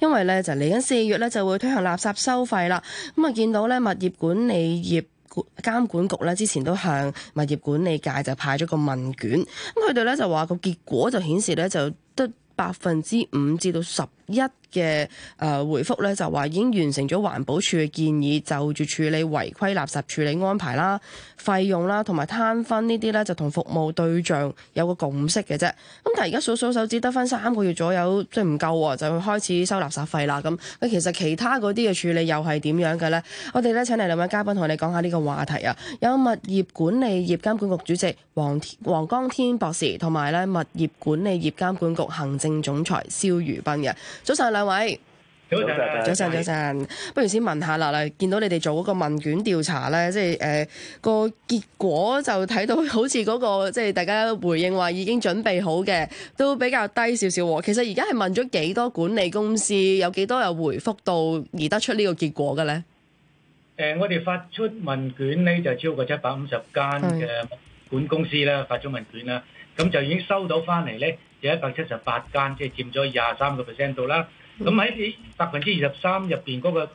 因為咧就嚟緊四月咧就會推行垃圾收費啦，咁啊見到咧物業管理業監管局咧之前都向物業管理界就派咗個問卷，咁佢哋咧就話個結果就顯示咧就得百分之五至到十一嘅誒回覆咧，就話已經完成咗環保署嘅建議，就住處理違規垃圾處理安排啦、費用啦，同埋攤分呢啲咧，就同服務對象有個共識嘅啫。咁但係而家數數手指，得翻三個月左右，即係唔夠喎，就要開始收垃圾費啦。咁，咁其實其他嗰啲嘅處理又係點樣嘅咧？我哋咧請嚟兩位嘉賓同你講下呢個話題啊！有物業管理業監管局主席黃黃江天博士，同埋咧物業管理業監管局行政總裁蕭如彬嘅。早晨兩位，早晨早晨早晨，不如先問下啦啦，見到你哋做嗰個問卷調查咧，即係誒個結果就睇到好似嗰個即係大家回應話已經準備好嘅，都比較低少少喎。其實而家係問咗幾多管理公司，有幾多有回覆到而得出呢個結果嘅咧？誒，我哋發出問卷咧，就超過七百五十間嘅物管公司啦，發咗問卷啦，咁就已經收到翻嚟咧。一百七十八間，即係佔咗廿三個 percent 度啦。咁喺百分之二十三入邊嗰個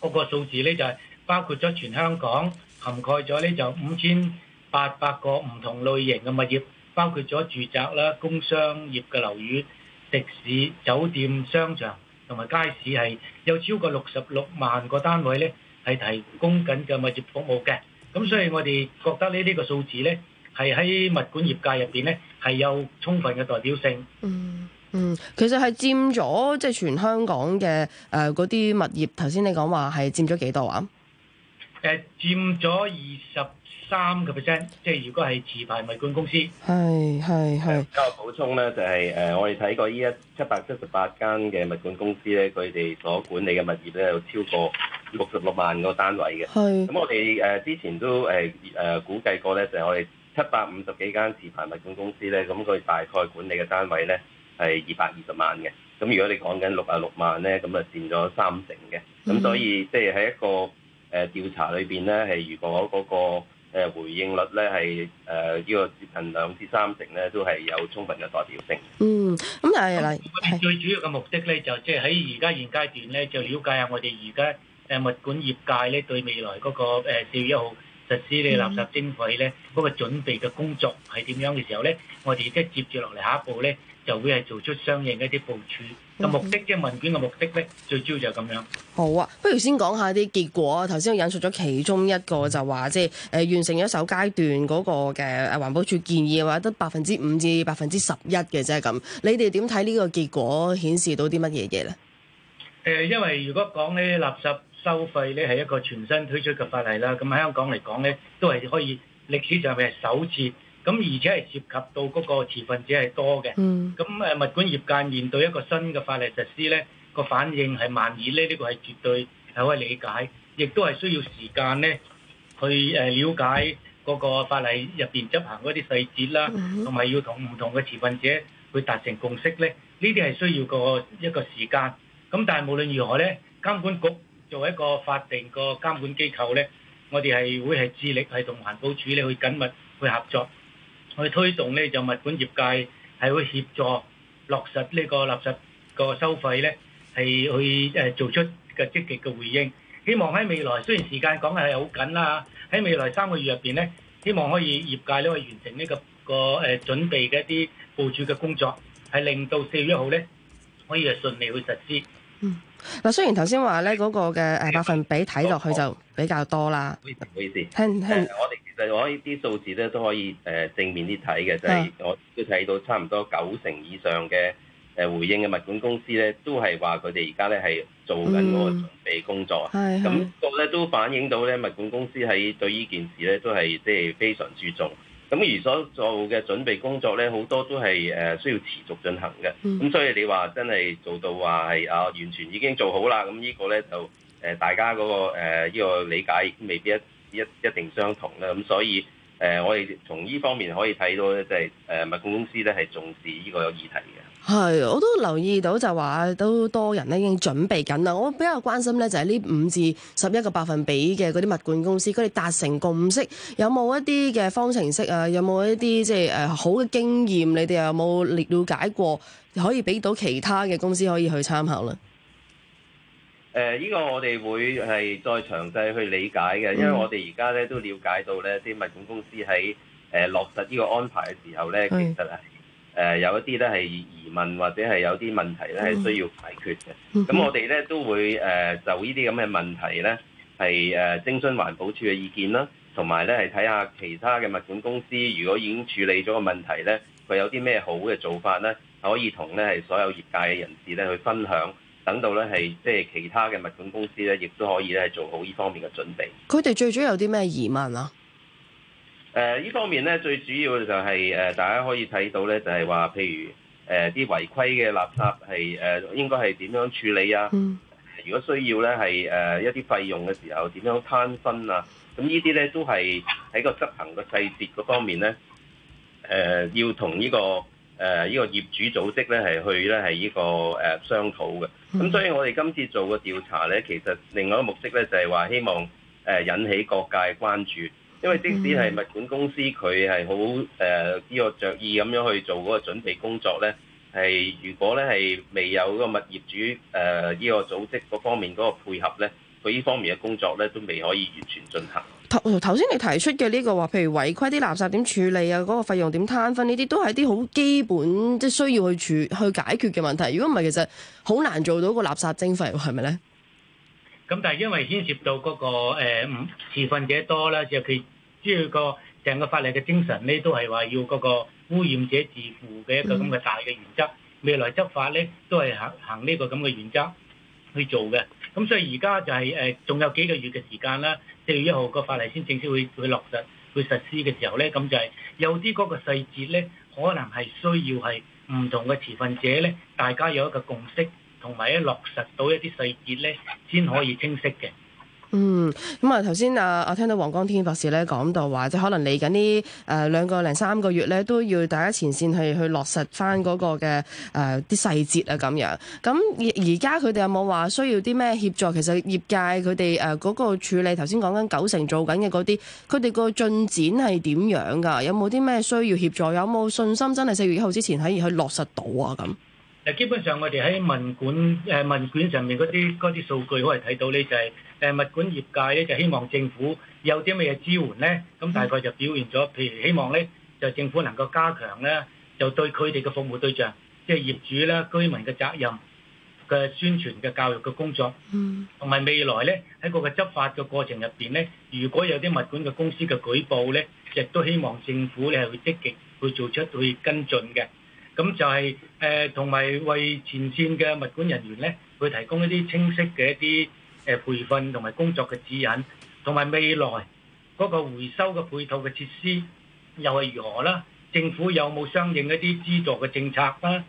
嗰個數字咧，就係、是、包括咗全香港，涵蓋咗呢就五千八百個唔同類型嘅物業，包括咗住宅啦、工商業嘅樓宇、食肆、酒店、商場同埋街市，係有超過六十六萬個單位咧，係提供緊嘅物業服務嘅。咁所以我哋覺得呢呢個數字咧，係喺物管業界入邊咧，係有充分嘅代表性。嗯嗯，其實係佔咗即係全香港嘅誒嗰啲物業。頭先你講話係佔咗幾多啊？誒、呃，佔咗二十三個 percent。即係如果係持牌物管公司，係係係。加、呃、補充咧，就係、是、誒、呃，我哋睇過依一七百七十八間嘅物管公司咧，佢哋所管理嘅物業咧有超過六十六萬個單位嘅。係是。咁、嗯、我哋誒、呃、之前都誒誒、呃呃、估計過咧，就係、是、我哋。七百五十幾間自辦物管公司咧，咁佢大概管理嘅單位咧係二百二十萬嘅。咁如果你講緊六啊六萬咧，咁啊佔咗三成嘅。咁所以即係喺一個誒調查裏邊咧，係如果嗰個誒回應率咧係誒呢個接近兩至三成咧，都係有充分嘅代表性。嗯，咁、嗯、誒，最主要嘅目的咧，就即係喺而家現階段咧，就瞭解下我哋而家誒物管業界咧對未來嗰個誒四月一號。實施呢垃圾徵費咧，嗰個準備嘅工作係點樣嘅時候咧，我哋即係接住落嚟下一步咧，就會係做出相應嘅一啲部署。咁目的即係問卷嘅目的咧，最主要就係咁樣。好啊，不如先講下啲結果啊。頭先我引述咗其中一個就話即係誒完成咗首階段嗰個嘅環保署建議嘅話，得百分之五至百分之十一嘅啫咁。你哋點睇呢個結果顯示到啲乜嘢嘢咧？誒，因為如果講呢啲垃圾。收費咧係一個全新推出嘅法例啦。咁喺香港嚟講咧，都係可以歷史上面係首次。咁而且係涉及到嗰個持份者係多嘅。咁誒物管業界面對一個新嘅法例實施咧，個反應係慢熱咧，呢個係絕對係可以理解，亦都係需要時間咧去誒了解嗰個法例入邊執行嗰啲細節啦，同埋要同唔同嘅持份者去達成共識咧。呢啲係需要個一個時間。咁但係無論如何咧，監管局。作為一個法定個監管機構咧，我哋係會係致力係同環保署咧去緊密去合作，去推動呢就物管業界係會協助落實呢個垃圾個收費咧，係去誒做出嘅積極嘅回應。希望喺未來，雖然時間講係好緊啦，喺未來三個月入邊咧，希望可以業界咧去完成呢個個誒準備嘅一啲部署嘅工作，係令到四月一號咧可以係順利去實施。嗯，嗱，雖然頭先話咧嗰個嘅誒百分比睇落去就比較多啦，唔好意思，聽聽？我哋其實我呢啲數字咧都可以誒正面啲睇嘅，就係、是、我都睇到差唔多九成以上嘅誒回應嘅物管公司咧，都係話佢哋而家咧係做緊嗰個準備工作，咁個咧都反映到咧物管公司喺對呢件事咧都係即係非常注重。咁而所做嘅準備工作咧，好多都係誒需要持續進行嘅。咁、嗯、所以你話真係做到話係啊，完全已經做好啦。咁呢個咧就誒、呃、大家嗰、嗰個呢、呃呢個理解未必一一一定相同啦。咁所以。誒、呃，我哋從呢方面可以睇到咧，即係誒物管公司咧係重視呢個議題嘅。係，我都留意到就話都多人咧已經準備緊啦。我比較關心咧就係呢五至十一個百分比嘅嗰啲物管公司，佢哋達成共識，有冇一啲嘅方程式啊？有冇一啲即係誒好嘅經驗？你哋有冇了了解過？可以俾到其他嘅公司可以去參考啦。誒，依個我哋會係再詳細去理解嘅，因為我哋而家咧都了解到咧，啲物管公司喺誒、呃、落實呢個安排嘅時候咧，其實係誒是、呃、有一啲咧係疑問或者係有啲問題咧係需要解決嘅。咁我哋咧都會誒、呃、就呢啲咁嘅問題咧係誒徵詢環保署嘅意見啦，同埋咧係睇下其他嘅物管公司如果已經處理咗個問題咧，佢有啲咩好嘅做法咧，可以同咧係所有業界嘅人士咧去分享。等到咧係即係其他嘅物管公司咧，亦都可以咧做好呢方面嘅準備。佢哋最主要有啲咩疑問啊？誒、呃，呢方面咧最主要就係、是、誒、呃，大家可以睇到咧，就係話，譬如誒啲、呃、違規嘅垃圾係誒應該係點樣處理啊？如果需要咧係誒一啲費用嘅時候，點樣攤分啊？咁呢啲咧都係喺個執行嘅細節嗰方面咧，誒、呃、要同呢、這個誒依、呃這個業主組織咧係去咧係呢個誒、呃、商討嘅。咁、mm hmm. 所以，我哋今次做個調查呢，其實另外一個目的呢就係、是、話希望誒引起各界關注，因為即使係物管公司佢係好誒呢個着意咁樣去做嗰個準備工作呢，係如果呢係未有嗰個物業主誒呢、呃呢個組織嗰方面嗰個配合呢，佢呢方面嘅工作呢都未可以完全進行。頭頭先你提出嘅呢個話，譬如違規啲垃圾點處理啊，嗰個費用點攤分呢啲，都係啲好基本即係需要去處去解決嘅問題。如果唔係，其實好難做到個垃圾徵費，係咪咧？咁但係因為牽涉到嗰個誒，嗯持份者多咧，就佢即係個成個法例嘅精神咧，都係話要嗰個污染者自負嘅一個咁嘅大嘅原則。未來執法咧都係行行呢個咁嘅原則去做嘅。咁，嗯，所以而家就係誒仲有幾個月嘅時間啦，四月一號個法例先正式會會落實會實施嘅時候咧，咁就係有啲嗰個細節咧，可能係需要係唔同嘅持份者咧，大家有一個共識同埋咧落實到一啲細節咧，先可以清晰嘅。嗯，咁、嗯、啊，頭先啊，我聽到黃江天博士咧講到話，即可能嚟緊呢誒，兩、呃、個零三個月咧都要大家前線去去落實翻嗰個嘅誒啲細節啊，咁、呃、樣。咁而而家佢哋有冇話需要啲咩協助？其實業界佢哋誒嗰個處理，頭先講緊九成做緊嘅嗰啲，佢哋個進展係點樣噶？有冇啲咩需要協助？有冇信心真係四月一號之前可以去落實到啊？咁？基本上我哋喺物管誒物管上面嗰啲嗰啲數據可以睇到咧，就是，就係誒物管業界咧就希望政府有啲咩嘢支援咧，咁大概就表現咗，譬如希望咧就政府能夠加強咧，啊,就對佢哋嘅服務對象，即係業主啦，居民嘅責任嘅宣傳嘅教育嘅工作，嗯，同埋未來咧喺嗰個執法嘅過程入邊咧，如果有啲物管嘅公司嘅舉報咧，亦都希望政府你係會積極去做出去跟進嘅。咁就係誒，同埋為前線嘅物管人員咧，去提供一啲清晰嘅一啲誒培訓同埋工作嘅指引，同埋未來嗰個回收嘅配套嘅設施又係如何啦？政府有冇相應一啲資助嘅政策啦？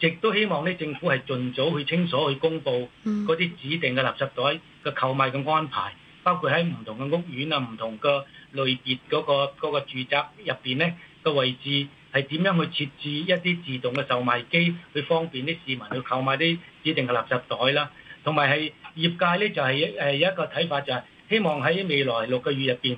亦都希望咧，政府係盡早去清楚去公佈嗰啲指定嘅垃圾袋嘅購買嘅安排，包括喺唔同嘅屋苑啊、唔同嘅類別嗰個嗰個住宅入邊咧嘅位置。係點樣去設置一啲自動嘅售賣機，去方便啲市民去購買啲指定嘅垃圾袋啦。同埋係業界咧，就係、是、誒有一個睇法，就係希望喺未來六個月入邊，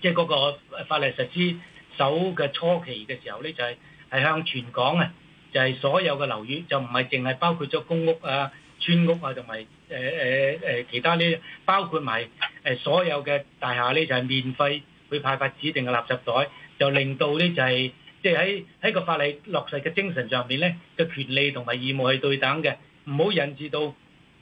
即係嗰個法例實施首嘅初期嘅時候咧，就係、是、係向全港啊，就係、是、所有嘅樓宇，就唔係淨係包括咗公屋啊、村屋啊，同埋誒誒誒其他呢，包括埋誒所有嘅大廈咧，就係、是、免費去派發指定嘅垃圾袋，就令到咧就係、是。即係喺喺個法例落實嘅精神上面，咧，嘅權利同埋義務係對等嘅，唔好引致到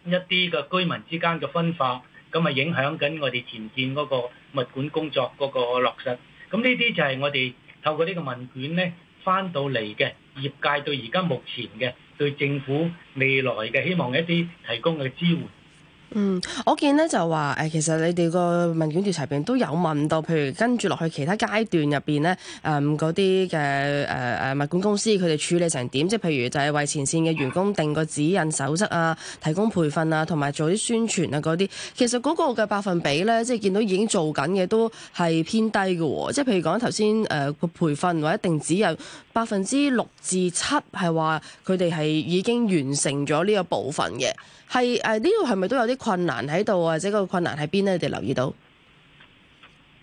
一啲嘅居民之間嘅分化，咁啊影響緊我哋前線嗰個物管工作嗰個落實。咁呢啲就係我哋透過呢個問卷咧，翻到嚟嘅業界對而家目前嘅對政府未來嘅希望一啲提供嘅支援。嗯，我見咧就話誒、哎、其實你哋個問卷調查入邊都有問到，譬如，跟住落去其他階段入邊咧，誒，嗰啲嘅誒誒物管公司佢哋處理成點，即係譬如，就係為前線嘅員工定個指引守則啊，提供培訓啊，同埋做啲宣傳啊嗰啲。其實嗰個嘅百分比咧，即係見到已經做緊嘅都係偏低嘅，哦、即係譬如講頭先誒個培訓或者定指引，百分之六至七係話佢哋係已經完成咗呢個部分嘅。係誒呢度係咪都有啲？困難喺度啊！或者個困難喺邊咧？你哋留意到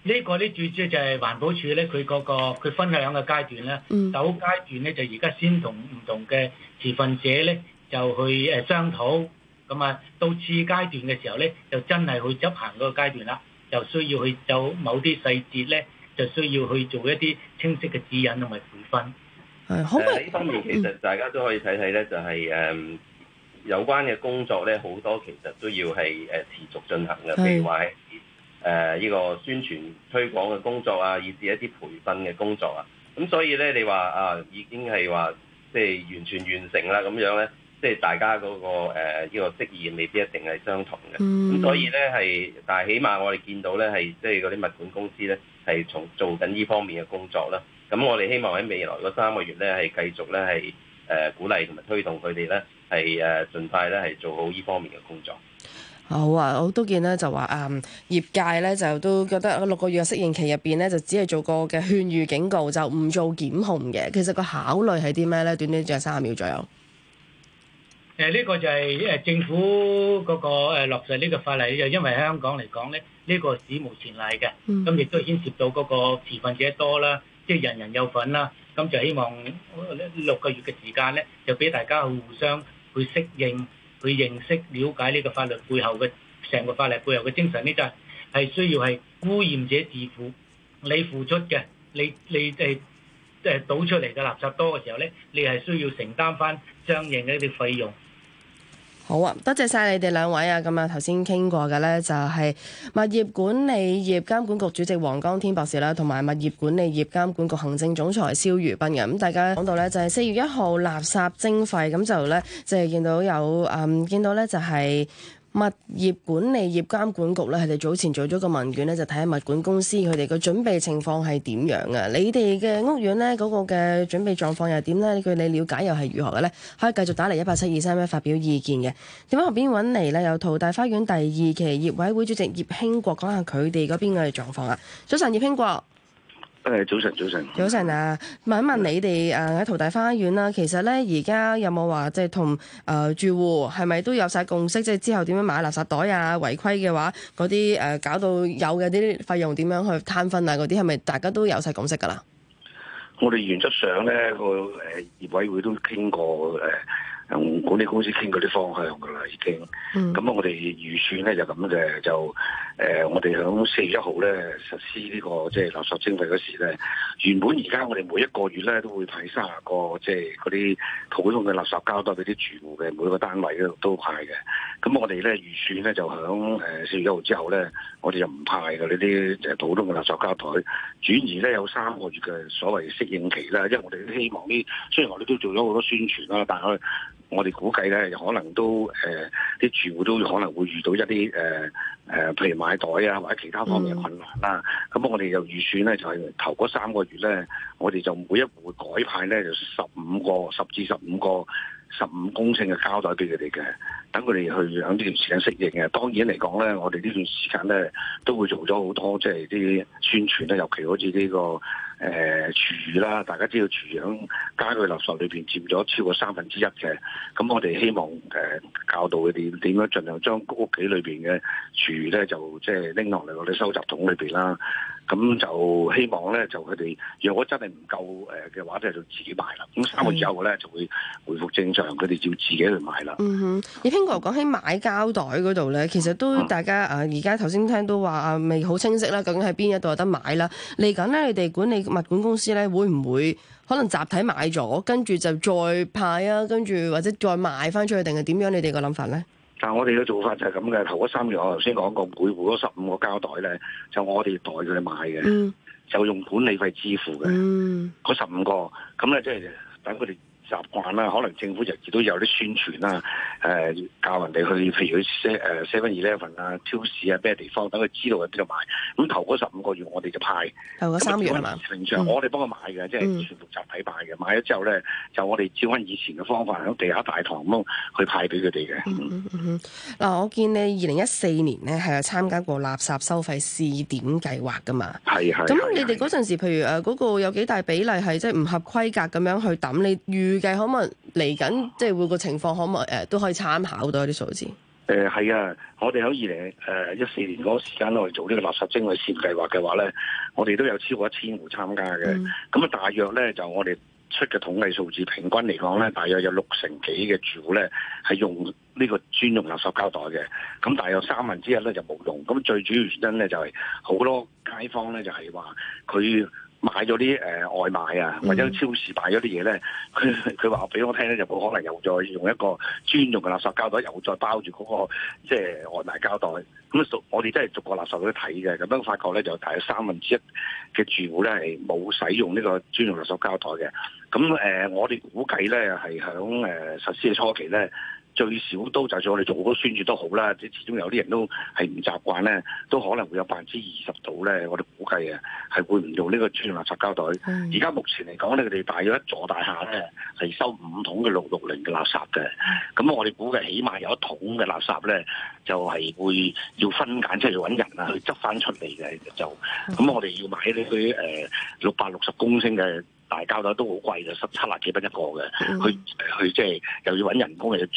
呢個呢？最主要就係環保署咧，佢嗰個佢分兩個階段咧。嗯。首階段咧就而家先同唔同嘅持份者咧就去誒商討。咁啊，到次階段嘅時候咧，就真係去執行嗰個階段啦。就需要去做某啲細節咧，就需要去做一啲清晰嘅指引同埋培訓。係好啊。喺呢方面，其實大家都可以睇睇咧，就係誒。有關嘅工作咧，好多其實都要係誒持續進行嘅，譬如話係誒依個宣傳推廣嘅工作啊，以至一啲培訓嘅工作啊。咁所以咧，你話啊，已經係話即係完全完成啦。咁樣咧，即係大家嗰個誒依個職業未必一定係相同嘅。咁所以咧係，但係起碼我哋見到咧係即係嗰啲物管公司咧係從做緊呢方面嘅工作啦。咁我哋希望喺未來嗰三個月咧係繼續咧係誒鼓勵同埋推動佢哋咧。係誒，盡快咧，係做好呢方面嘅工作。好啊，我都見咧就話啊，業界咧就都覺得六個月嘅適應期入邊咧，就只係做個嘅勸喻警告，就唔做檢控嘅。其實個考慮係啲咩咧？短短仲有三十秒左右。誒，呢個就係誒政府嗰個誒落實呢個法例，就因為香港嚟講咧，呢個史無前例嘅，咁亦都牽涉到嗰個持份者多啦，即係人人有份啦。咁就希望六個月嘅時間咧，就俾大家去互相，去適應，去認識、了解呢個法律背後嘅成個法律背後嘅精神呢就係、係、係需要係污染者自負，你付出嘅，你你誒誒倒出嚟嘅垃圾多嘅時候咧，你係需要承擔翻相應嘅一啲費用。好啊，多謝晒你哋兩位啊。咁啊頭先傾過嘅呢就係物業管理業監管局主席黃江天博士啦，同埋物業管理業監管局行政總裁蕭如彬嘅。咁大家講到呢，就係四月一號垃圾徵費，咁就呢，即係見到有誒、嗯、見到呢就係、是。物業管理業監管局咧，佢哋早前做咗個問卷咧，就睇下物管公司佢哋嘅準備情況係點樣啊？你哋嘅屋苑咧，嗰個嘅準備狀況又點咧？據你了解又係如何嘅咧？可以繼續打嚟一八七二三一發表意見嘅。點解後邊揾嚟咧？有淘大花園第二期業委會主席葉興國講下佢哋嗰邊嘅狀況啊！早晨，葉興國。誒，早晨，早晨，早晨啊！問一問你哋誒喺淘大花園啦，其實咧而家有冇話即係同誒住戶係咪都有晒共識，即係之後點樣買垃圾袋啊？違規嘅話，嗰啲誒搞到有嘅啲費用點樣去攤分啊？嗰啲係咪大家都有晒共識噶啦？我哋原則上咧，個、呃、誒業委會都傾過誒。呃同管理公司傾嗰啲方向噶啦，已經咁啊！我哋預算咧就咁嘅，就誒我哋響四月一號咧實施呢個即係垃圾徵費嗰時咧，原本而家我哋每一個月咧都會派三十個即係嗰啲普通嘅垃圾膠袋俾啲住戶嘅，每個單位都都派嘅。咁我哋咧預算咧就響誒四月一號之後咧，我哋就唔派嘅呢啲即係普通嘅垃圾膠袋，轉而咧有三個月嘅所謂適應期啦，因為我哋都希望呢，雖然我哋都做咗好多宣傳啦，但係，我哋估計咧，可能都誒啲、呃、住戶都可能會遇到一啲誒誒譬如買袋啊，或者其他方面嘅困難啦、啊。咁、嗯、我哋又預算咧，就係、是、頭嗰三個月咧，我哋就每一戶改派咧，就十五個十至十五個十五公升嘅膠袋俾佢哋嘅，等佢哋去響呢段時間適應嘅。當然嚟講咧，我哋呢段時間咧都會做咗好多即係啲宣傳啦，尤其好似呢、這個。誒、呃、廚餘啦，大家知道廚餘喺家居垃圾裏邊佔咗超過三分之一嘅，咁、嗯、我哋希望誒、呃、教導佢哋點樣盡量將屋企裏邊嘅廚餘咧，就即係拎落嚟我哋收集桶裏邊啦。咁就希望咧，就佢哋如果真係唔夠誒嘅話，咧、呃、就自己買啦。咁三個月之後咧，就會回復正常，佢哋要自己去買啦。嗯哼，葉興國講起買膠袋嗰度咧，其實都大家、嗯、啊，而家頭先聽到都話啊，未好清晰啦，究竟喺邊一度有得買啦？嚟緊咧，你哋管理物管公司咧，會唔會可能集體買咗，跟住就再派啊，跟住或者再賣翻出去，定係點樣你？你哋個諗法咧？但我哋嘅做法就係咁嘅，頭嗰三個月我頭先講過，每戶嗰十五個膠袋咧，就我哋代佢哋買嘅，mm. 就用管理費支付嘅，嗰十五個咁咧，即係等佢哋。習慣啦，可能政府日日都有啲宣傳啦，誒、呃、教人哋去，譬如去 Seven Eleven 啊，超市啊，咩地方等佢知道去邊度買。咁頭嗰十五個月我哋就派頭嗰三月啊嘛，平、那、常、個、我哋幫佢買嘅，嗯、即係全部集買派嘅。買咗之後咧，就我哋照翻以前嘅方法喺地下大堂咁樣去派俾佢哋嘅。嗱，我見你二零一四年咧係有參加過垃圾收費試點計劃㗎嘛？係係。咁你哋嗰陣時，譬如誒嗰個有幾大比例係即係唔合規格咁樣去抌你預？預計可唔可嚟緊，即係會個情況可唔可誒、呃，都可以參考多啲數字。誒、呃，係啊，我哋喺二零誒一四年嗰個時間內做呢、這個垃圾徵費試驗計劃嘅話咧，我哋都有超過一千戶參加嘅。咁啊，大約咧就我哋出嘅統計數字，平均嚟講咧，大約有六成幾嘅住戶咧係用呢個專用垃圾膠袋嘅。咁大約三分之一咧就冇用。咁最主要原因咧就係、是、好多街坊咧就係話佢。買咗啲誒外賣啊，或者超市買咗啲嘢咧，佢佢話俾我聽咧，就冇可能又再用一個專用嘅垃圾膠袋，又再包住嗰個即係外賣膠袋。咁我哋真係逐個垃圾都睇嘅，咁樣發覺咧就大約三分之一嘅住戶咧係冇使用呢個專用垃圾膠袋嘅。咁誒、呃，我哋估計咧係響誒實施嘅初期咧。最少都就算我哋做好宣傳都好啦，即始終有啲人都係唔習慣咧，都可能會有百分之二十度咧，我哋估計啊，係會唔用呢個專用垃圾膠袋。而家的目前嚟講咧，佢哋大約一座大廈咧係收五桶嘅六六零嘅垃圾嘅，咁的我哋估計起碼有一桶嘅垃圾咧就係、是、會要分揀、就是、出嚟揾人啊去執翻出嚟嘅就，咁的我哋要買呢嗰啲誒六百六十公升嘅。大膠袋都好貴嘅，十七啊幾蚊一個嘅，去去即係又要揾人工又要誒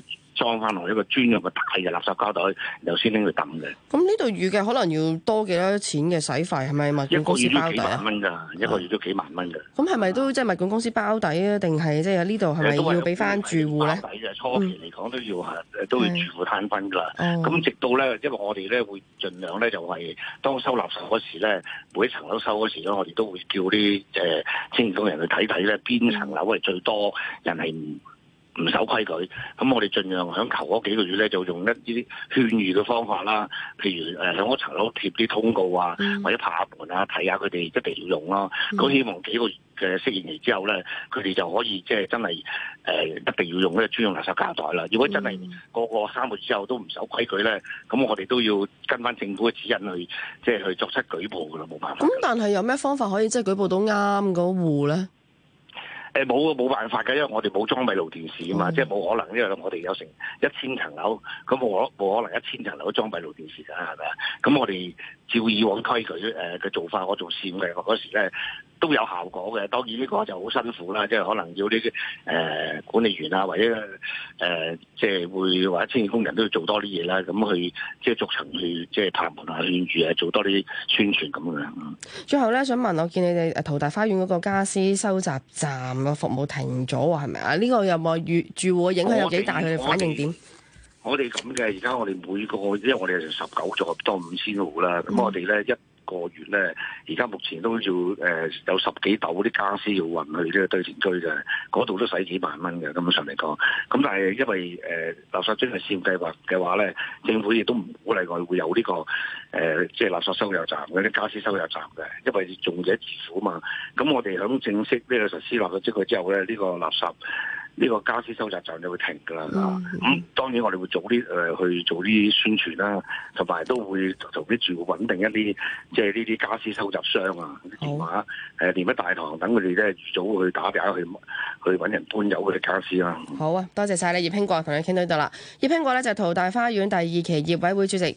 去。 裝翻落一個專用嘅大嘅垃圾膠袋，然後先拎去抌嘅。咁呢度預計可能要多幾多錢嘅使費，係咪物管公司包底啊？一個月都幾萬蚊㗎，一個月都幾萬蚊㗎。咁係咪都即係物管公司包底啊？定係即係呢度係咪要俾翻住戶咧？其實係初期嚟講都要嚇、嗯，都要住戶攤分㗎啦。咁是、嗯、直到咧，因為我哋咧會盡量咧就係、是、當收垃圾嗰時咧，每一層樓收嗰時咧，我哋都會叫啲誒清潔工人去睇睇咧，邊層樓係最多人係。 唔守規矩，咁我哋盡量喺頭嗰幾個月咧，就用一啲勸喻嘅方法啦。譬如誒喺嗰層樓貼啲通告啊，嗯、或者拍下門啊，睇下佢哋一定要用咯、啊。咁、嗯、希望幾個月嘅適應期之後咧，佢哋就可以即係真係誒一定要用呢個，專用垃圾膠袋啦。如果真係個個三個月之後都唔守規矩咧，咁我哋都要跟翻政府嘅指引去，即係去作出舉報噶啦，冇辦法。咁、嗯、但係有咩方法可以即係舉報到啱嗰戶咧？誒冇冇辦法㗎，因為我哋冇裝閉路電視啊嘛，嗯、即係冇可能，因為我哋有成一千層樓，咁我冇可能一千層樓都裝閉路電視啦，係咪啊？咁我哋照以往規矩誒嘅、呃、做法，我做試嘅嗰時咧。都有效果嘅，當然呢個就好辛苦啦，即係可能要啲誒、呃、管理員啊，或者誒、呃、即係會或者清潔工人都要做多啲嘢啦，咁去即係逐層去即係探門啊、勸住啊、做多啲宣傳咁樣。最後咧，想問我見你哋淘大花園嗰個家私收集站個服務停咗喎，係咪啊？呢、這個有冇住住戶嘅影響有幾大？佢哋們反應點？我哋咁嘅，而家我哋每個因為我哋十九座多五千戶啦，咁我哋咧一。Mm mm 個月咧，而家目前都要誒、呃、有十幾斗啲家私要運去呢個堆填區嘅，嗰度都使幾萬蚊嘅根本上嚟講。咁但係因為誒、呃、垃圾徵費計劃嘅話咧，政府亦都唔鼓勵外會有呢、這個誒、呃、即係垃圾收油站嘅，啲家私收油站嘅，因為用者自付啊嘛。咁我哋響正式呢個實施垃圾徵費之後咧，呢、這個垃圾。呢個家私收集站就會停㗎啦，咁、嗯、當然我哋會早啲誒、呃、去做啲宣傳啦，同埋都會同啲住戶穩定一啲，即係呢啲家私收集箱啊電話，誒好、呃、連喺大堂等佢哋咧早去打電話去去揾人搬走佢哋家私啦。好啊，多謝晒你葉興國同你傾到葉呢度啦。葉興國咧就係、是、淘大花園第二期業委會主席。